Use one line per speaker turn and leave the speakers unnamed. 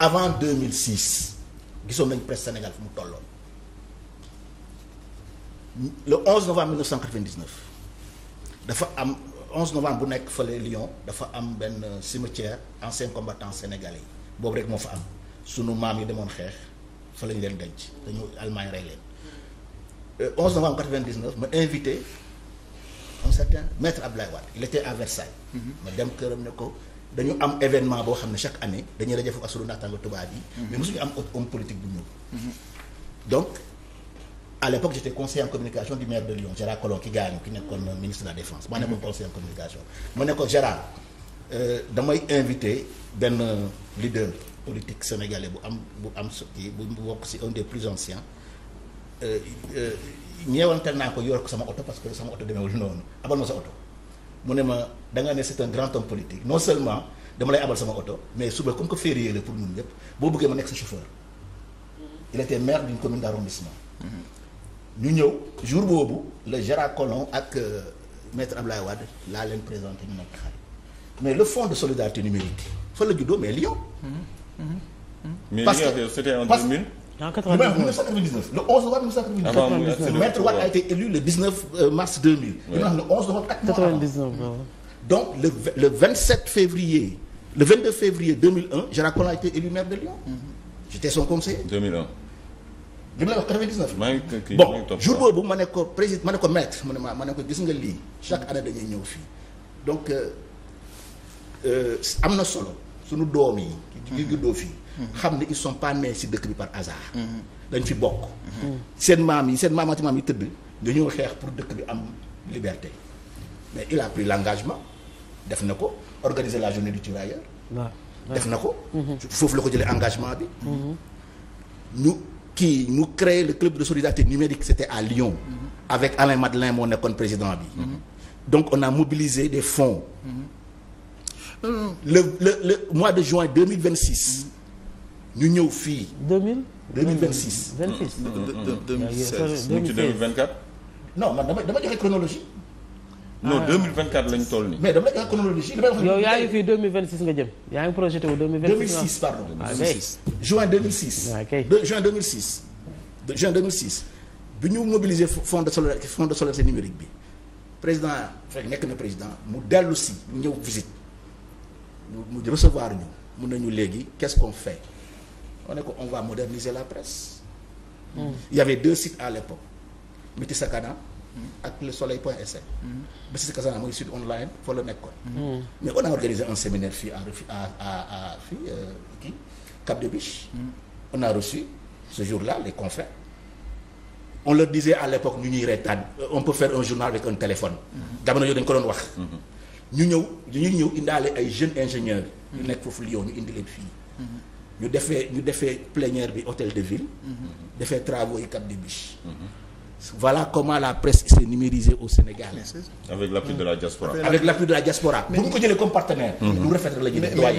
avant 2006 gisoon nañ presse Sénégal fu mu tolloon le 11 novembre 1999 dafa am 11 novembre bu nekk fële Lyon dafa am benn cimetière ancien combattant sénégalais boobu rek moo fa am sunu maam yi demoon xeex fa lañ leen denc dañu Allemagne rey leen 11 euh, novembre 99 ma invité un certain maître Abdoulaye Wade il était à Versailles. Mm-hmm. ma dem këram ne ko. dañu am événement boo xam ne chaque année dañuy daje foofu ak sunu naataango tubaab yi. Mhm. mais mosuñu am homme politique bu ñuul. Mhm. donc à l'époque j'étais conseiller communication du maire de Lyon Gérard Collomb ki gaañu ki nekkoon ministre de la défense. maa nekkoon mhm. conseiller en communication. ma ne ko Gérard euh, damay invité benn leader politique sénégalais bu am bu am kii bu bokk si un des plus anciens. Euh, euh, ñeewantal naa ko yor sama oto parce que sama oto demeewul noonu abal ma sa oto. mu ne ma da nga ne c'est un grand homme politique non seulement dama lay abal sama oto mais suba comme que férié la pour ñun ñëpp boo bëggee ma nekk sa chauffeur il était maire d'une commune d'arrondissement mm-hmm. ñu ñëw jour boobu le Gérard Collomb ak euh, maître Ablaye Wade laa leen présenté ñu nekk xarit mais le fonds de solidarité numérique fa la juddoo mais Lyon. Mm-hmm. Mm-hmm. mais parce que en 1999 le 11 novembre 1999. Ah, maître Wade a été élu le 19 euh, mars 2000. li ma wax le 11 novembre 99 donc le le 27 février le 22 février 2001 Gérard Collomb a été élu maire de Lyon. Mhm. j'étais son conseiller. 2001. li ma la wax 99. maa ngi bon jour boobu ma ne ko président ma ne ko maître ma ne ma ma ne ko gis nga lii chaque année dañuy ñëw fii donc euh, euh, am na solo. suñu doom yi. ki mm-hmm. juddoo fii. Mm-hmm. xam ne ils sont pas si dëkk bi par hasard. Mm-hmm. dañ fi bokk. seen maam yi seen maamaati maam yi tëdd dañoo xeex pour dëkk bi am liberté mais il a pris l'engagement def na ko organiser la journée du tirailleur. def na ko. foofu la ko jëlee engagement bi. ñu kii ñu créer le club de solidarité numérique c'était à Lyon. avec Alain Madelin moo nekkoon président bi. donc on a mobilisé des fonds. le le le mois de juin deux mille vingt six. ñu ñëw fii. deux mille. deux mille vingt six. vingt six deux mille seize ñu ci deux mille vingt quatre. non man dama dama joxe chronologie. non 2024 lañ toll nii. mais dama joxe chronologie damay yaa ngi fii nga jëm. yaa ngi projeté juin de juin 2006. de juin 2006 bi ñu mobiliser fond de solidarité numérique bi président fekk nekk na président mu dellu si ñëw visite. mu mu recevoir ñu mun nañu léegi qu'est-ce qu'on fait on est on va moderniser la presse. Mmh. il y avait deux sites à l'époque Miti Sakana hmm, ak le soleil point sn Miti hmm. Sakana mooy site online fa la nekkoon. Hmm. mais on a organisé un séminaire fii à refi à fii euh, kii Cap de Biche. on a reçu ce jour la les confrères. on leur disait à l'époque ñu ñuy reetaan euh, on peut faire un journal avec un téléphone. jamono yooyu dañ ko doon wax. ñu ñëw dañuy ñëw indaale ay jeunes ingénieurs. ñu nekk foofu Lyon ñu indi leen fii. Mm-hmm. ñu defee ñu defee plénière bi hôtel de ville. Mm-hmm. defee travaux yi Cap des Biches. Mm-hmm. voilà comment la presse s'est numérisée au Sénégal. avec l'appui de la diaspora. avec l'appui de la diaspora. bu ñu ko jëlee comme partenaire. lu rafet la ñu